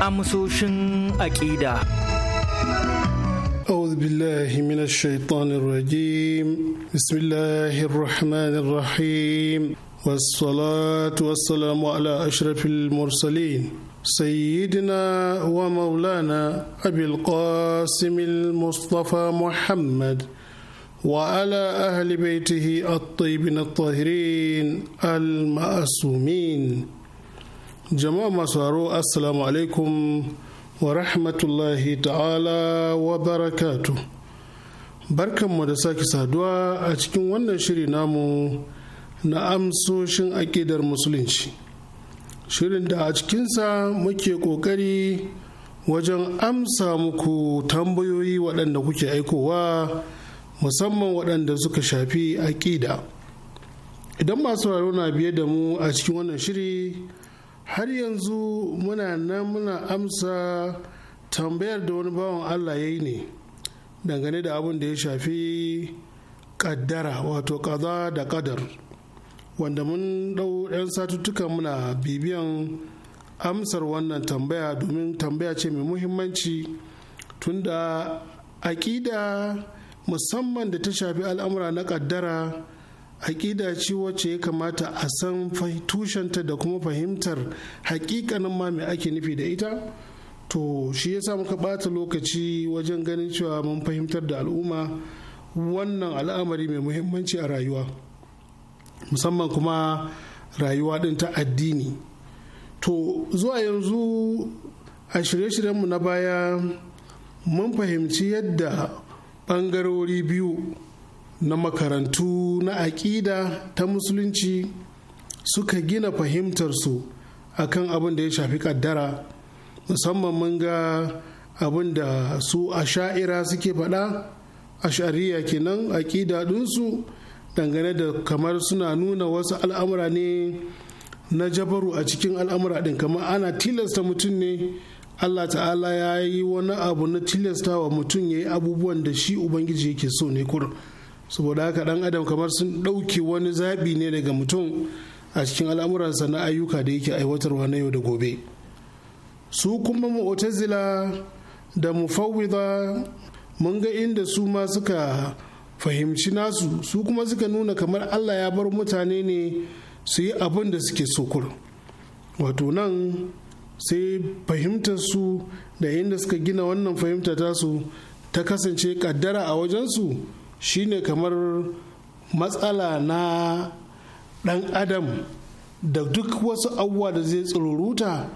amsoshin akida أعوذ بالله من الشيطان الرجيم بسم الله الرحمن الرحيم والصلاة والسلام على أشرف المرسلين سيدنا ومولانا أبي القاسم المصطفى محمد وعلى أهل بيته الطيبين الطاهرين المأسومين جماعة مسارو السلام عليكم ورحمة الله تعالى وبركاته barkanmu da sake saduwa a cikin wannan shiri namu na amsoshin aƙidar musulunci shirin da a cikinsa muke ƙoƙari wajen amsa muku tambayoyi waɗanda kuke aikowa musamman waɗanda suka shafi aƙida idan masu sauraro na biye da mu a cikin wannan shiri har yanzu muna nan muna amsa tambayar da wani bawan allah ya yi ne dangane da abin da ya shafi ƙaddara wato ƙaza da ƙadar wanda mun ɗau 'yan satuttuka muna bibiyan amsar wannan tambaya domin tambaya ce mai muhimmanci tunda aƙida musamman da ta shafi al'amura na ƙaddara aƙida ce wacce ya kamata a san tushenta da kuma fahimtar haƙiƙanin ma mai ake nufi da ita to shi ya sa muka ɓata lokaci wajen ganin cewa mun fahimtar da al'umma wannan al'amari mai muhimmanci a rayuwa. musamman kuma rayuwa ɗin ta addini to zuwa yanzu a shirye-shiryenmu na baya mun fahimci yadda ɓangarori biyu na makarantu na aƙida ta musulunci suka gina fahimtarsu a kan abin da ya shafi ƙaddara musamman mun ga abin da su a sha'ira suke faɗa a shari'a kenan aƙida ɗinsu dangane da kamar suna nuna wasu al'amura ne na jabaru a cikin al'amura din kamar ana tilasta mutum ne Allah ta'ala ya yi wani abu na tilasta wa mutum ya yi abubuwan da shi ubangiji yake so ne kur saboda haka dan adam kamar sun ɗauki wani zaɓi ne daga mutum a cikin al'amuransa na ayyuka da yake aiwatarwa na yau da gobe su kuma mu'tazila da mufawwida mun ga inda su ma suka fahimci nasu su kuma suka nuna kamar allah ya bar mutane ne su yi abin da suke sokur wato nan sai fahimtar su da inda suka gina wannan fahimta tasu ta kasance kaddara a wajensu shine kamar matsala na dan adam da duk wasu abubuwa da zai tsururuta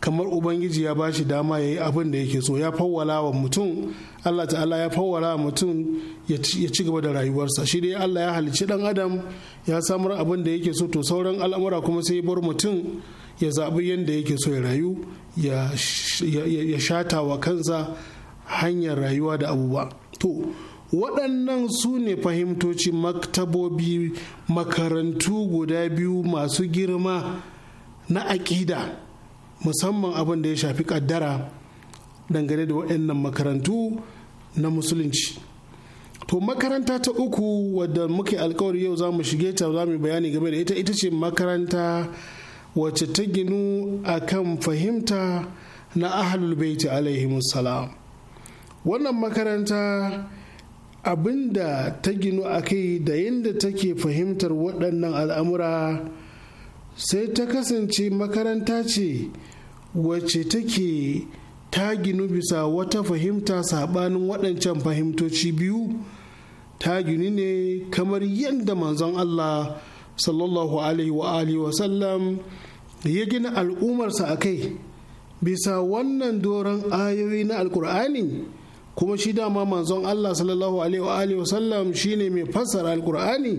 kamar ubangiji ya bashi dama ya yi abin da yake so ya fawwala wa mutum allah ta'ala ya fawwala wa mutum ya ci gaba da rayuwarsa shi dai allah ya halicci dan adam ya samar abin da yake so to sauran al'amura kuma sai bar mutum ya zaɓi yadda yake so ya rayu ya shata wa kansa hanyar rayuwa da abubuwa to waɗannan su ne fahimtoci maktabobi makarantu guda biyu masu girma na aƙida musamman abin da ya shafi kaddara dangane da waɗannan makarantu na musulunci to makaranta ta uku wadda muke alkawari yau za mu shige ta za mu bayani game da ita ita ce makaranta wacce ta ginu a kan fahimta na ahlul baiti salam wannan makaranta abinda ta ginu a kai da yadda take fahimtar waɗannan al'amura sai ta kasance makaranta ce wacce take ta ginu bisa wata fahimta saɓanin waɗancan fahimtoci biyu ta ginu ne kamar yadda manzon Allah sallallahu alaihi wa alihi sallam ya gina al'ummarsa a kai bisa wannan doron ayoyi na alkur'ani kuma shi dama manzon Allah sallallahu alaihi wa alihi sallam shine mai fassara alkur'ani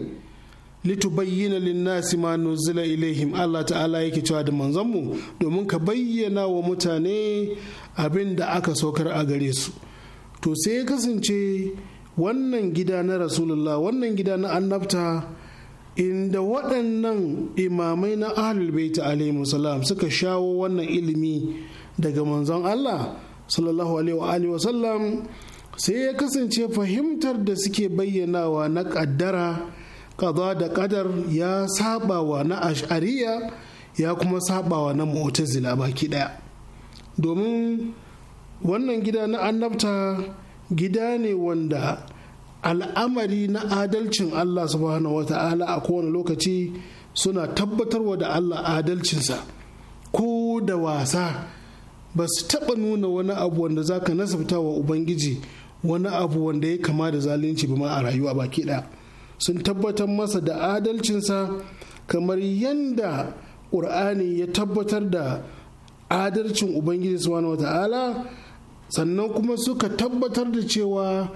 litubayyana linnasi ma nuzila ilaihim Allah ta'ala yake cewa da manzanmu domin ka bayyana wa mutane abin da aka saukar a gare su to sai ya kasance wannan gida na rasulullah wannan gida na annabta inda waɗannan imamai na ahlul baiti alaihi salam suka shawo wannan ilimi daga manzon Allah sallallahu alaihi wa sallam sai ya kasance fahimtar da suke bayyanawa na ƙaddara kaza da kadar ya saba wa na ash'ariya ya kuma saba wa na mu'tazila baki daya domin wannan gida na annabta gida ne wanda al'amari na adalcin Allah subhanahu wa ta'ala a kowane lokaci suna tabbatarwa da Allah adalcinsa ko da wasa ba su taɓa nuna wani abu wanda za ka nasabta wa Ubangiji wani abu wanda ya kama da zalunci ba ma a rayuwa baki ɗaya sun tabbatar masa da adalcinsa kamar yadda ƙur'ani ya tabbatar da adalcin ubangiji subhanahu wata'ala sannan kuma suka tabbatar da cewa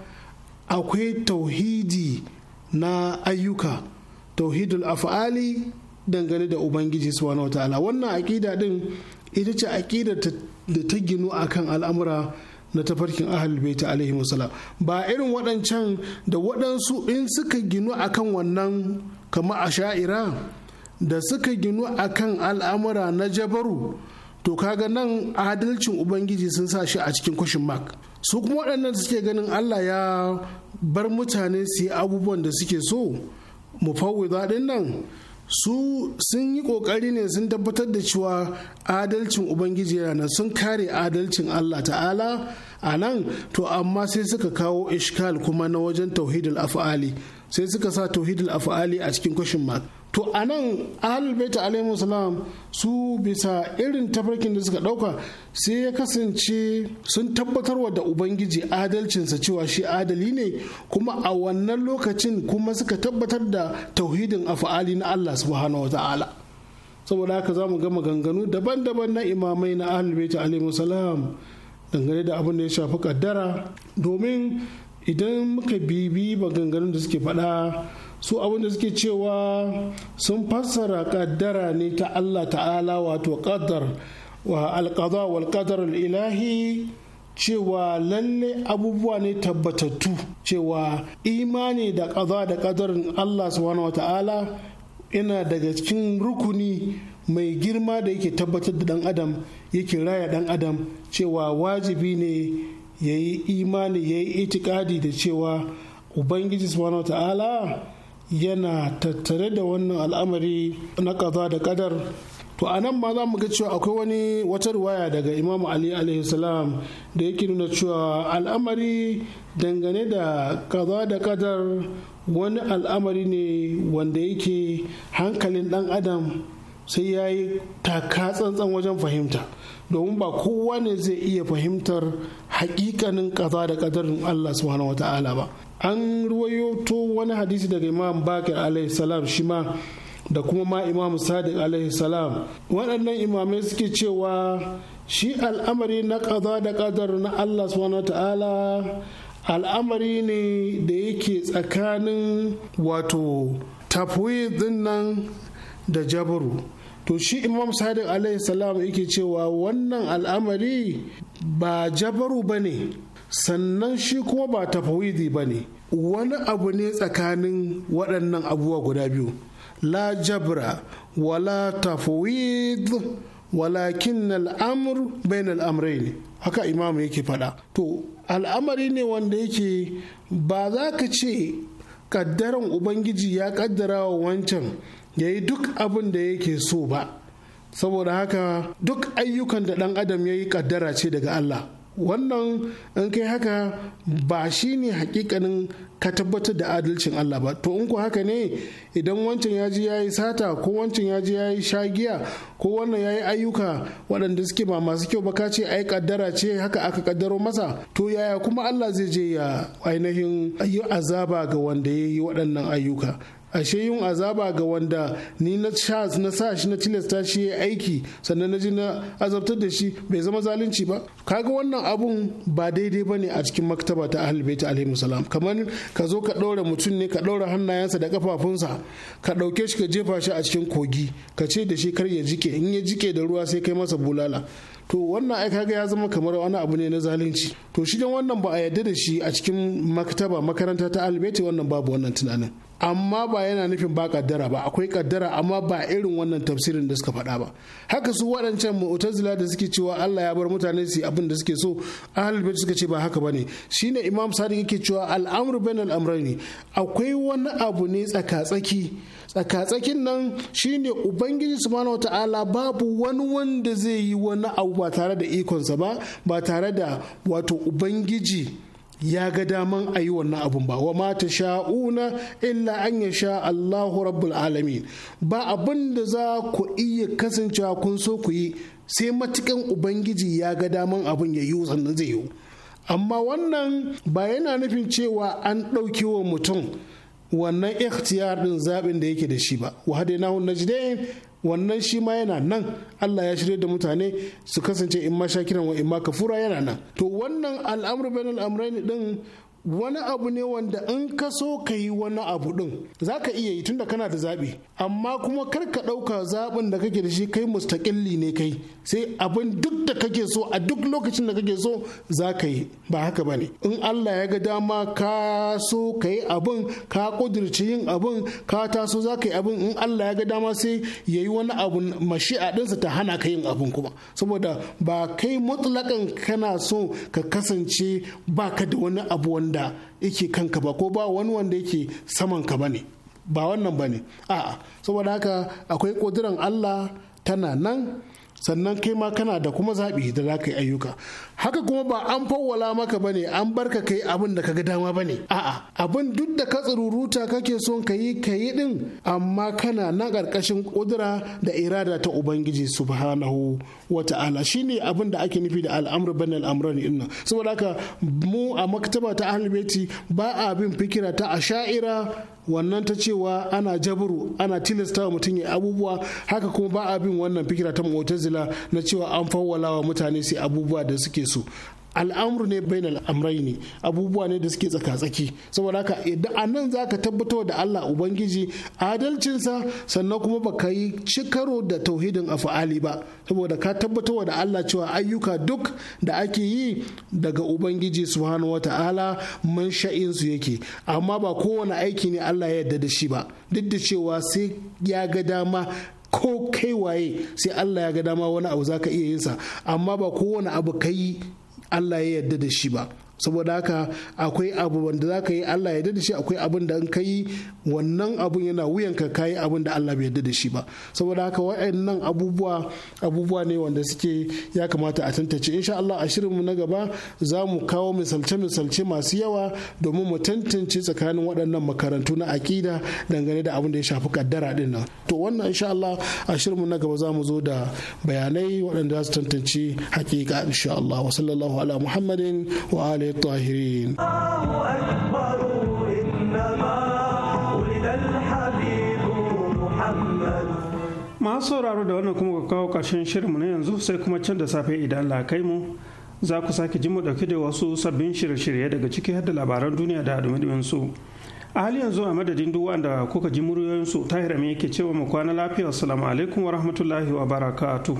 akwai tauhidi na ayyuka tauhidul af'ali dangane da ubangiji subhanahu wata'ala wannan aƙida din ita ce aƙidar da ta ginu akan al'amura na tafarkin ahal baita alaihi musala ba irin waɗancan da waɗansu in suka ginu akan wannan kama a sha'ira da suka ginu akan al'amura na jabaru to kaga nan adalcin ubangiji sun sa shi a cikin kwashin mak su kuma waɗannan suke ganin allah ya bar mutane su yi abubuwan da suke so mufawwida zaɗin nan su sun yi kokari ne sun tabbatar da cewa adalcin ubangiji yana sun kare adalcin allah ta'ala a nan to amma sai suka kawo ishkal kuma na wajen tauhidul af'ali sai suka sa tauhidul af'ali a cikin question mark to anan nan ahalul baita alaihi salam su bisa irin tafarkin da suka dauka sai ya kasance sun tabbatar wa da ubangiji adalcinsa cewa shi adali ne kuma a wannan lokacin kuma suka tabbatar da tauhidin af'ali na Allah subhanahu wa ta'ala saboda haka za mu ga maganganu daban-daban na imamai na ahalul baita alaihi salam dangane da abin da ya shafi kaddara domin idan muka bibi maganganun da suke faɗa su abin da suke cewa sun fassara kaddara ne ta Allah ta'ala wato kaddar wa alƙada wa alƙadar ilahi cewa lalle abubuwa ne tabbatattu cewa imani da ƙaza da ƙadarin Allah subhanahu wata'ala yana daga cikin rukuni mai girma da yake tabbatar da ɗan adam yake raya ɗan adam cewa wajibi ne ya yi imani ya yi itikadi da cewa ubangiji subhanahu ta'ala yana tattare da wannan al'amari na kaza da ƙadar. to a nan ma za mu ga cewa akwai wani wata ruwaya daga imamu ali salam da yake nuna cewa al'amari dangane da kaza da ƙadar wani al'amari ne wanda yake hankalin ɗan adam sai ya yi taka tsantsan wajen fahimta domin ba kowane zai iya fahimtar hakikanin kaza da kadarin Allah subhanahu ta'ala ba an ruwayoto wani hadisi daga imam bakir alaihi salam shi ma da kuma ma imam sadiq alaihi salam waɗannan imamai suke cewa shi al'amari na kaza da kadar na Allah subhanahu ta'ala al'amari ne da yake tsakanin wato tafwid nan da jabru to shi imam sadiq alaihi salam yake cewa wannan al'amari ba jabaru ba ne sannan shi kuma ba tafawidi ba ne wani abu ne tsakanin waɗannan abubuwa guda biyu la jabra wala tafawid walakin al'amur bain al'amrai ne haka imam yake faɗa to al'amari ne wanda yake ba za ka ce ƙaddaran ubangiji ya ƙaddara wa wancan ya yi duk abin da yake so ba saboda haka duk ayyukan da ɗan adam ya yi ƙaddara ce daga Allah wannan in kai haka ba shi ne hakikanin ka tabbatar da adalcin Allah ba to in ku haka ne idan wancan ya ji ya yi sata ko wancan ya ji ya yi shagiya ko wannan ya yi ayyuka waɗanda suke ba masu kyau ba ka ce ai kaddara ce haka aka kaddaro masa to yaya kuma Allah zai je ya ainihin azaba ga wanda ya yi waɗannan ayyuka ashe yin azaba ga wanda ni na chas na sa shi na tilasta shi ya aiki sannan na ji na azabtar da shi bai zama zalunci ba kaga wannan abun ba daidai ba ne a cikin maktaba ta ahlul bait alaihi salam kamar ka zo ka ɗaura mutum ne ka ɗaura hannayensa da kafafunsa ka ɗauke shi ka jefa shi a cikin kogi ka ce da shi kar ya jike in ya jike da ruwa sai kai masa bulala to wannan ai kaga ya zama kamar wani abu ne na zalunci to shi dan wannan ba a yarda da shi a cikin maktaba makaranta ta albeti wannan babu wannan tunanin amma ba yana nufin ba kaddara ba akwai kaddara amma ba irin wannan tafsirin da suka faɗa ba haka su waɗancan mu'tazila da suke cewa Allah ya bar mutane su abin da suke so ahlul bait suka ce ba haka bane shine imam sadiq yake cewa al-amru bainal amrayni akwai wani abu ne tsaka-tsaki tsakatsakin nan shine ubangiji subhanahu ta'ala babu wani wanda zai yi wani abu ba tare da ikonsa ba ba tare da wato ubangiji ya ga daman a yi wannan abun ba wa mata sha'una illa an ya sha Allahu rabbul alamin ba abin da za ku iya kasancewa kun so ku yi sai matukan ubangiji ya ga daman abin ya yi sannan zai yi amma wannan ba yana nufin cewa an ɗauki wa mutum wannan ikhtiyar din zaɓin da yake da shi ba wa hadainahu najdain wannan shi ma yana nan Allah ya shirya da mutane su kasance in ma shakiran wa in ma kafura yana nan to wannan al'amru bainal amrayn din wani abu ne wanda in ka so ka yi wani abu din za ka iya yi tunda kana da zaɓi amma kuma kar ka ɗauka zaɓin da kake da shi kai mustaƙilli ne kai sai abin duk da kake so a duk lokacin da kake so za ka yi ba haka ba ne in Allah ya ga dama ka so ka yi abin ka ƙudurci yin abin ka taso za ka yi abin in Allah ya ga dama sai ya yi wani abu mashi'a ɗinsa ta hana ka yin abin kuma saboda ba kai mutlaƙan kana so ka kasance ba ka da wani abu wanda wanda yake kanka ba ko ba wani wanda yake saman ka bane ba wannan bane a'a saboda haka akwai kuduran Allah tana nan sannan kai ma kana da kuma zaɓi da za ka yi ayyuka haka kuma ba an fawwala maka ba ne an barka kai abin da ka ga dama ba ne a'a abin duk da ka tsururuta kake son ka yi ka yi din amma kana na ƙarƙashin ƙudura da irada ta ubangiji subhanahu wa ta'ala shine abin da ake nufi da al'amr bane al'amran din saboda haka mu a maktaba ta ahlul ba a bin fikira ta asha'ira wannan ta cewa ana jaburu ana tilasta wa mutum ya abubuwa haka kuma ba a bin wannan fikira ta mu'tazila na cewa an fawwala wa mutane su abubuwa da suke so al'amuru ne bai al'amrai ne abubuwa ne da suke tsaka-tsaki saboda haka idan a nan za ka tabbatar da Allah Ubangiji adalcinsa sannan kuma ba ka yi cikaro da tauhidin afa'ali ba saboda ka tabbatar da Allah cewa ayyuka duk da ake yi daga Ubangiji subhanahu wa ta'ala man sha'insu yake amma ba kowane aiki ne Allah ya yarda da shi ba duk da cewa sai ya ga dama ko kai waye sai Allah ya ga dama wani abu za ka iya yinsa amma ba kowane abu ka yi Allah ya yarda da shi ba saboda haka akwai abu wanda za ka yi Allah ya yarda da shi akwai abin da in ka yi wannan abun yana wuyan ka kayi abin da Allah bai yarda da shi ba saboda haka waɗannan abubuwa abubuwa ne wanda suke ya kamata a tantance insha Allah a shirinmu na gaba za mu kawo misalce-misalce masu yawa domin mu tantance tsakanin waɗannan makarantu na aƙida dangane da abin da ya shafi kaddara din nan to wannan insha Allah a shirinmu na gaba za mu zo da bayanai waɗanda za su tantance haƙiƙa insha Allah wa sallallahu ala muhammadin wa alihi الطاهرين masu sauraro da wannan kuma ka kawo ƙarshen shirinmu na yanzu sai kuma can da safe idan Allah kai mu za ku sake ji mu dauke da wasu sabbin shirye-shirye daga ciki har da labaran duniya da dumi su a hali yanzu a madadin duk wanda kuka ji muryoyinsu tahir yake cewa mu kwana lafiya assalamu alaikum wa rahmatullahi wa barakatu.